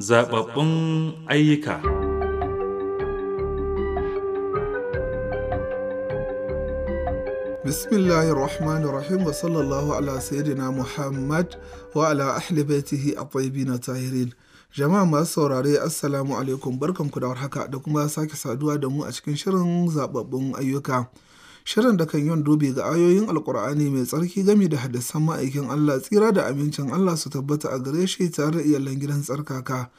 Zababbun ayyuka Bismillahir Rahmanir Rahim wa sallallahu ala sayyidina Muhammad wa ala ahli baitihi at-tayyibin tahirin. Jama'a masu saurare Assalamu alaikum barkanku da warhaka da kuma sake saduwa da mu a cikin shirin zababbun ayyuka. shirin da kan yin dubi ga ayoyin alkur'ani mai tsarki game da hadisan ma'aikin Allah tsira da amincin Allah su tabbata a gare shi tare da iyalan gidan tsarkaka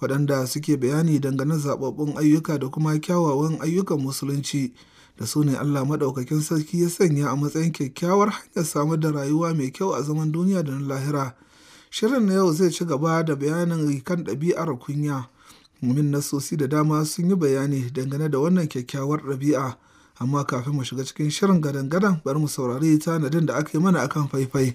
waɗanda suke bayani dangane zaɓaɓɓun ayyuka da kuma kyawawan ayyukan musulunci da su ne Allah maɗaukakin sarki ya sanya a matsayin kyakkyawar hanyar samar da rayuwa mai kyau a zaman duniya da na lahira. Shirin na yau zai ci gaba da bayanin kan ɗabi'ar kunya. Mumin nasosi da dama sun yi bayani dangane da wannan kyakkyawar ɗabi'a. amma kafin mu shiga cikin shirin gadan-gadan bari mu saurari tanadin da aka yi mana akan faifai.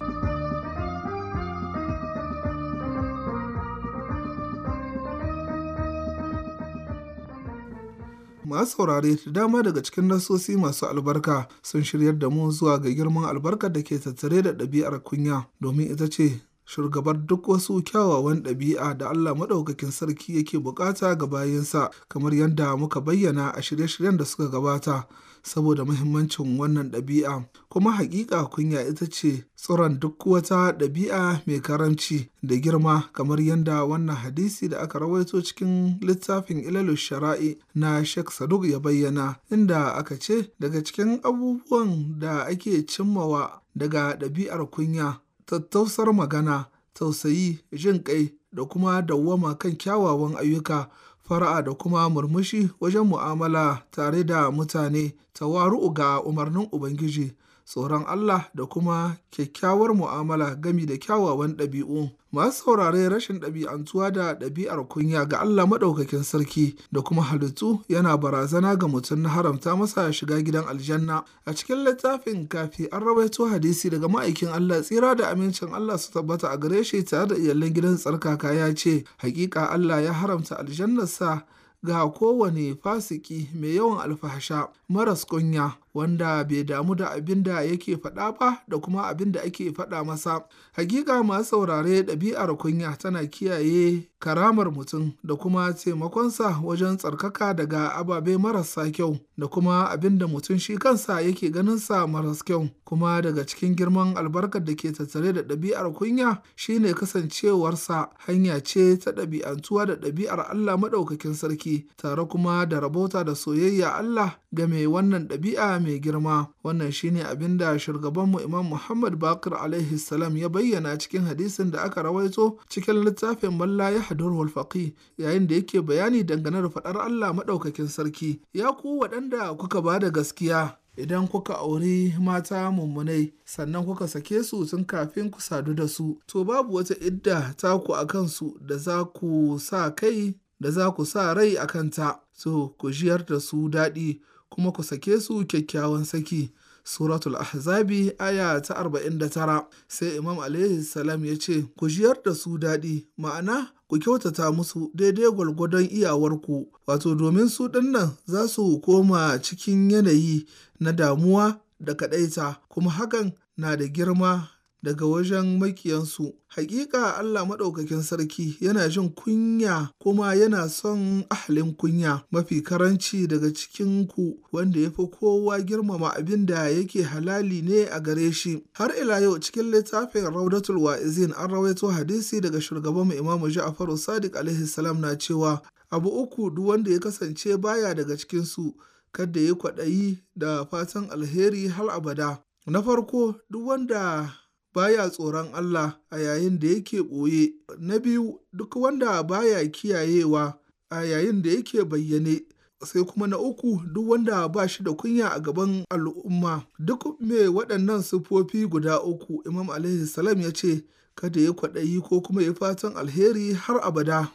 masu saurare da dama daga cikin nasosi masu albarka sun shiryar da mu zuwa ga girman albarkar da ke tattare da ɗabi'ar kunya domin ita ce shugabar duk wasu kyawawan ɗabi'a da Allah maɗaukakin sarki yake bukata ga bayansa kamar yadda muka bayyana a shirye-shiryen da suka gabata saboda muhimmancin wannan ɗabi'a kuma haƙiƙa kunya ita ce tsoron duk wata ɗabi'a mai karamci da girma kamar yadda wannan hadisi da aka rawaito cikin littafin ilalu shara'i na Sheikh Saduk ya bayyana inda aka ce daga cikin abubuwan da ake cimmawa daga ɗabi'ar kunya tattausar magana, tausayi, jin ƙai, da kuma dawwama kan kyawawan ayyuka, fara'a da kuma murmushi wajen mu'amala tare da mutane, tawaru'u ga umarnin Ubangiji. tsoron Allah da kuma kyakkyawar mu'amala gami da kyawawan ɗabi'u. Masu saurare rashin ɗabi'antuwa da ɗabi'ar kunya ga Allah maɗaukakin sarki da kuma halittu yana barazana ga mutum na haramta masa shiga gidan aljanna. A cikin littafin kafi an rawaito hadisi daga ma'aikin Allah tsira da amincin Allah su tabbata a gare shi tare da iyalan gidan tsarkaka ya ce, Hakika Allah ya haramta aljannarsa ga kowane fasiki mai yawan alfahasha maras kunya wanda bai damu da abin da yake faɗa ba da kuma abin da ake faɗa masa. Hakika masu saurare ɗabi'ar kunya tana kiyaye karamar mutum da kuma taimakonsa wajen tsarkaka daga ababe marasa kyau da kuma abin da mutum shi kansa yake ganinsa maras kyau kuma daga cikin girman albarkar da ke tattare da ɗabi'ar kunya shine kasancewarsa hanya ce ta ɗabi'antuwa da ɗabi'ar Allah maɗaukakin sarki tare kuma da rabota da soyayya Allah ga mai wannan ɗabi'a mai girma wannan shine abin da shugabanmu imam muhammad bakir alaihi salam ya bayyana cikin hadisin da aka rawaito cikin littafin malla ya hadur walfaki yayin da yake bayani dangane da faɗar allah maɗaukakin sarki ya ku waɗanda kuka ba da gaskiya idan kuka auri mata mummunai sannan kuka sake su tun kafin ku sadu da su to babu wata idda ta ku a kansu da za ku sa kai da za ku sa rai a kanta so ku jiyar da su daɗi kuma ku sake su kyakkyawan saki. Suratul Ahzabi aya ta arba'in da tara, sai Imam alaihi salam ya ce, Ku jiyar da su daɗi, ma'ana ku kyautata musu daidai gwalgwadon iyawarku, wato domin su ɗannan za su koma cikin yanayi na damuwa da kaɗaita, kuma hakan na da girma daga wajen makiyansu. Hakika Allah Maɗaukakin Sarki yana jin kunya kuma yana son ahalin kunya mafi karanci daga cikin ku wanda ya fi kowa girmama abin da yake halali ne a gare shi. Har ila yau cikin littafin Raudatul Wa'izin an rawaito hadisi daga shugaban Imamu Ja'faru Sadiq alaihi na cewa abu uku duk wanda ya kasance baya daga cikin su kada ya kwaɗayi da fatan alheri har abada. Na farko duk wanda baya tsoron Allah a yayin da yake ɓoye, na biyu duk wanda baya kiyayewa a yayin da yake bayyane, sai kuma na uku duk wanda ba shi da kunya a gaban al'umma. Duk mai waɗannan siffofi guda uku Imam Alayhi Salam ya ce, kada ya kwaɗayi ko kuma ya fatan alheri har abada.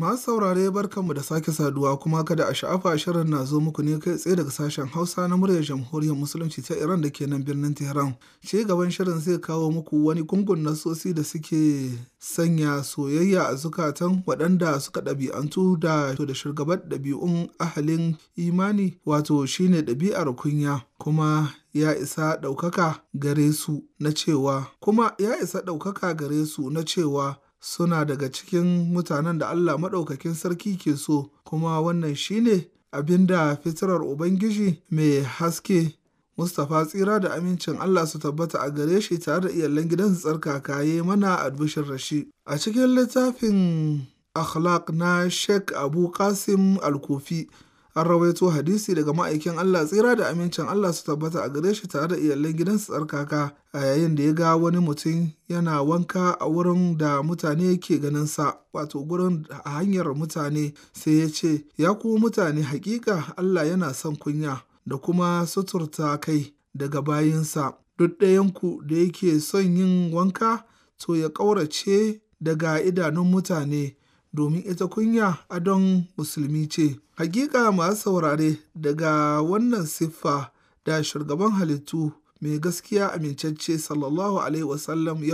Masu saurare barkanmu da sake saduwa kuma kada a sha'afa shirin na zo muku ne kai tsaye daga sashen Hausa na muryar Jamhuriyar Musulunci ta Iran da ke nan birnin Tehran. Ci gaban shirin zai kawo muku wani gungun nasosi da suke sanya soyayya a zukatan waɗanda suka ɗabi'antu da to da shugaban ɗabi'un ahalin imani wato shine ɗabi'ar kunya kuma ya isa ɗaukaka gare su na cewa kuma ya isa ɗaukaka gare su na cewa suna daga cikin mutanen da Allah maɗaukakin sarki ke so, kuma wannan shine abin da fitirar Ubangiji mai haske Mustapha tsira da amincin Allah su tabbata a gare shi tare da iyalan gidan tsarkaka ya mana albishin rashi. A cikin littafin akhlaq na Sheikh Abu Qasim Al-Kufi an rawaito hadisi daga ma'aikin Allah tsira da amincin Allah su tabbata a gare shi tare da iyalan gidansa tsarkaka a yayin da ya ga wani mutum yana wanka a wurin da mutane ke ganin sa wato gurin a hanyar mutane sai ya ce ya ku mutane hakika Allah yana son kunya da kuma suturta kai daga bayinsa duk ɗayan ku da yake son yin wanka to ya ƙaurace daga idanun mutane domin ita kunya adon musulmi ce. Hakika masu saurare daga wannan siffa da shugaban halittu mai gaskiya amincacce sallallahu alaihi wasallam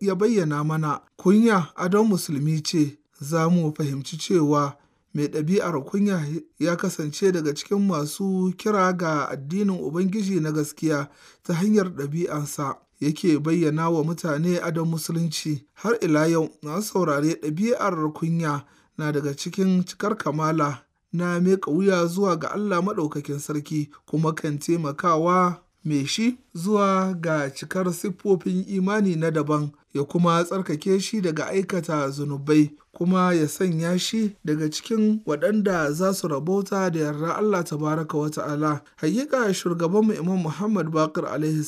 ya bayyana mana kunya adon musulmi ce za mu fahimci cewa mai ɗabi'ar kunya ya kasance daga cikin masu kira ga addinin Ubangiji na gaskiya ta hanyar ɗabi'ansa. yake bayyana wa mutane adon musulunci har ila yau na saurare ɗabi'ar kunya na daga cikin cikar kamala na miƙa wuya zuwa ga Allah maɗaukakin sarki kuma kan taimakawa mai shi zuwa ga cikar siffofin imani na daban ya kuma tsarkake shi daga aikata zunubai kuma ya sanya shi daga cikin waɗanda za su rabauta da yarda Allah tabaraka wa ta'ala shugaban shugabanmu imam Muhammad Bakir alaihi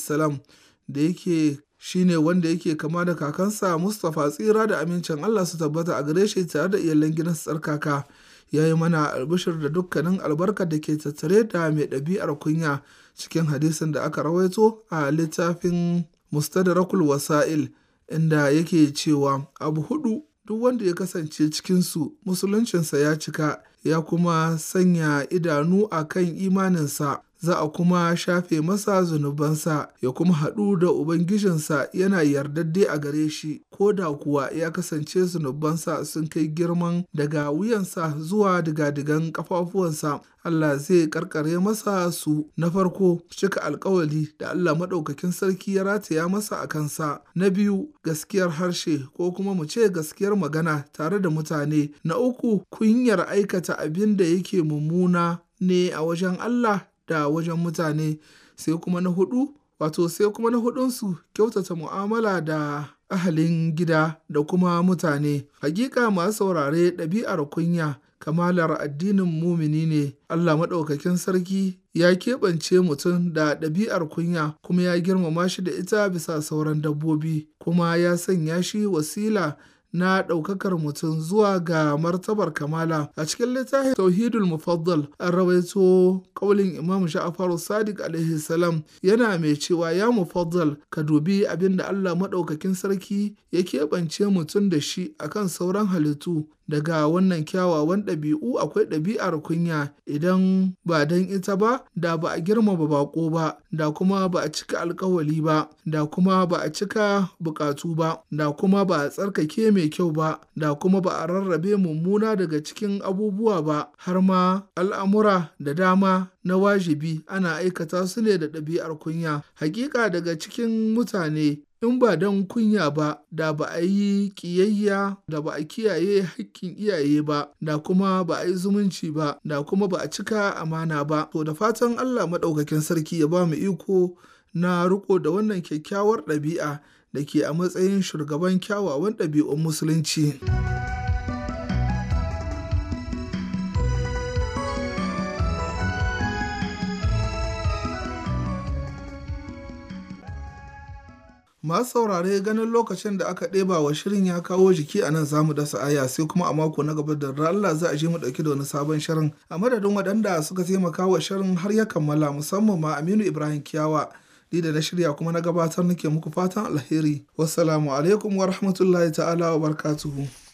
da yake shine wanda yake kama da kakansa Mustapha tsira da amincin Allah su tabbata a gare shi tare da iyalan gidan tsarkaka ya yi mana albishir da dukkanin albarkar da ke tattare da mai ɗabi'ar kunya cikin hadisin da aka rawaito a littafin mustadrakul wasa'il inda yake cewa abu hudu duk wanda ya kasance cikinsu musuluncinsa ya cika ya kuma sanya idanu a kan imaninsa za a kuma shafe masa zunubansa ya kuma haɗu da Ubangijinsa yana yardadde a gare shi, ko da kuwa ya kasance zunubansa sun kai girman daga wuyansa zuwa digan ƙafafuwansa. Allah zai karkare masa su na farko cika alkawali da Allah maɗaukakin sarki ya rataya masa a kansa, na biyu gaskiyar harshe ko kuma mu ce gaskiyar magana tare da mutane, na uku kunyar aikata abin da yake mummuna ne a wajen Allah da wajen mutane sai kuma na hudu wato sai kuma na hudunsu kyautata mu'amala da ahalin gida da kuma mutane hakika masu saurare ɗabi'ar kunya kamalar addinin mumini ne Allah maɗaukakin sarki ya keɓance mutum da ɗabi'ar kunya kuma ya girmama shi da ita bisa sauran dabbobi kuma ya sanya shi wasila na ɗaukakar mutum zuwa ga martabar kamala a cikin littafin tauhidul mufaddal an rawaito kaulin imam sha'afar sadiq alaihi salam yana mai cewa ya mufaddal ka dubi abin da allah maɗaukakin sarki ya keɓance mutum da shi akan sauran halittu Daga wannan kyawawan ɗabi'u akwai ɗabi'ar kunya, idan ba don ita ba, da ba a girmama baƙo ba, da kuma ba a cika alkawali ba, da kuma ba a cika buƙatu ba, da kuma ba a tsarkake mai kyau ba, da kuma ba a rarrabe mummuna daga cikin abubuwa ba, har ma al'amura da dama na wajibi ana aikata su ne da ɗabi'ar kunya. Hakika daga cikin mutane in ba don kunya ba da ba a yi ƙiyayya da ba a kiyaye hakkin iyaye ba da kuma ba a yi zumunci ba da kuma ba a cika amana ba to da fatan Allah maɗaukakin sarki ya ba mu iko na riko da wannan kyakkyawar ɗabi'a da ke a matsayin shugaban kyawawan ɗabi'un musulunci. masu saurare ganin lokacin da aka ɗeba wa shirin ya kawo jiki a nan za mu dasa aya sai kuma a mako na gaba da Allah za a je mu ɗauki da wani sabon shirin a madadin waɗanda suka taimaka wa shirin har ya kammala musamman ma Aminu Ibrahim Kiyawa ni da na shirya kuma na gabatar nake muku fatan alheri wassalamu alaikum wa rahmatullahi ta'ala wa barkatuhu